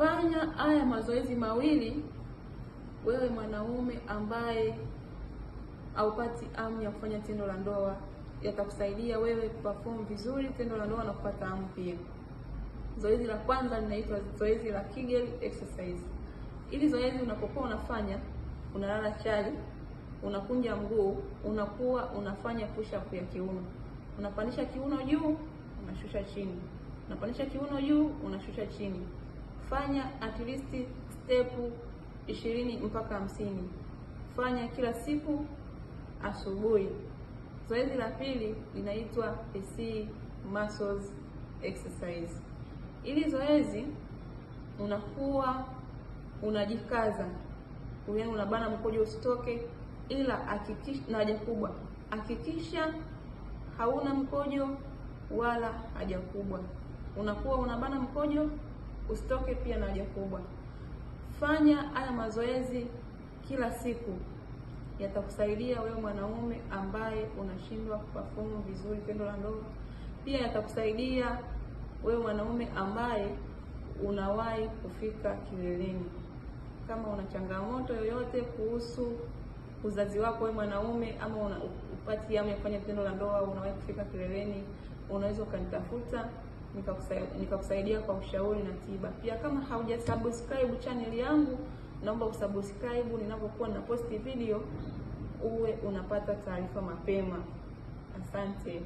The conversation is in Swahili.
Fanya haya mazoezi mawili, wewe mwanaume ambaye haupati hamu ya kufanya tendo la ndoa, yatakusaidia wewe kuperform vizuri tendo la ndoa na kupata hamu pia. Zoezi la kwanza linaitwa zoezi la Kegel exercise. Ili zoezi unapokuwa unafanya, unalala chali, unakunja mguu, unakuwa unafanya push up ya kiuno, unapandisha kiuno juu, unashusha chini, unapandisha kiuno juu, unashusha chini Fanya at least step ishirini mpaka hamsini. Fanya kila siku asubuhi. Zoezi la pili linaitwa PC muscles exercise. Ili zoezi unakuwa unajikaza, yaani unabana mkojo usitoke, ila hakikisha na haja kubwa, hakikisha hauna mkojo wala haja kubwa, unakuwa unabana mkojo usitoke pia na haja kubwa. Fanya haya mazoezi kila siku, yatakusaidia wewe mwanaume ambaye unashindwa kupafomu vizuri tendo la ndoa. Pia yatakusaidia wewe mwanaume ambaye unawahi kufika kileleni. Kama una changamoto yoyote kuhusu uzazi wako wewe mwanaume, ama una upati kufanya tendo la ndoa, unawahi kufika kileleni, unaweza ukanitafuta nikakusaidia kwa ushauri na tiba. Pia kama hauja subscribe channel yangu, naomba usubscribe, ninapokuwa na posti video uwe unapata taarifa mapema. Asante.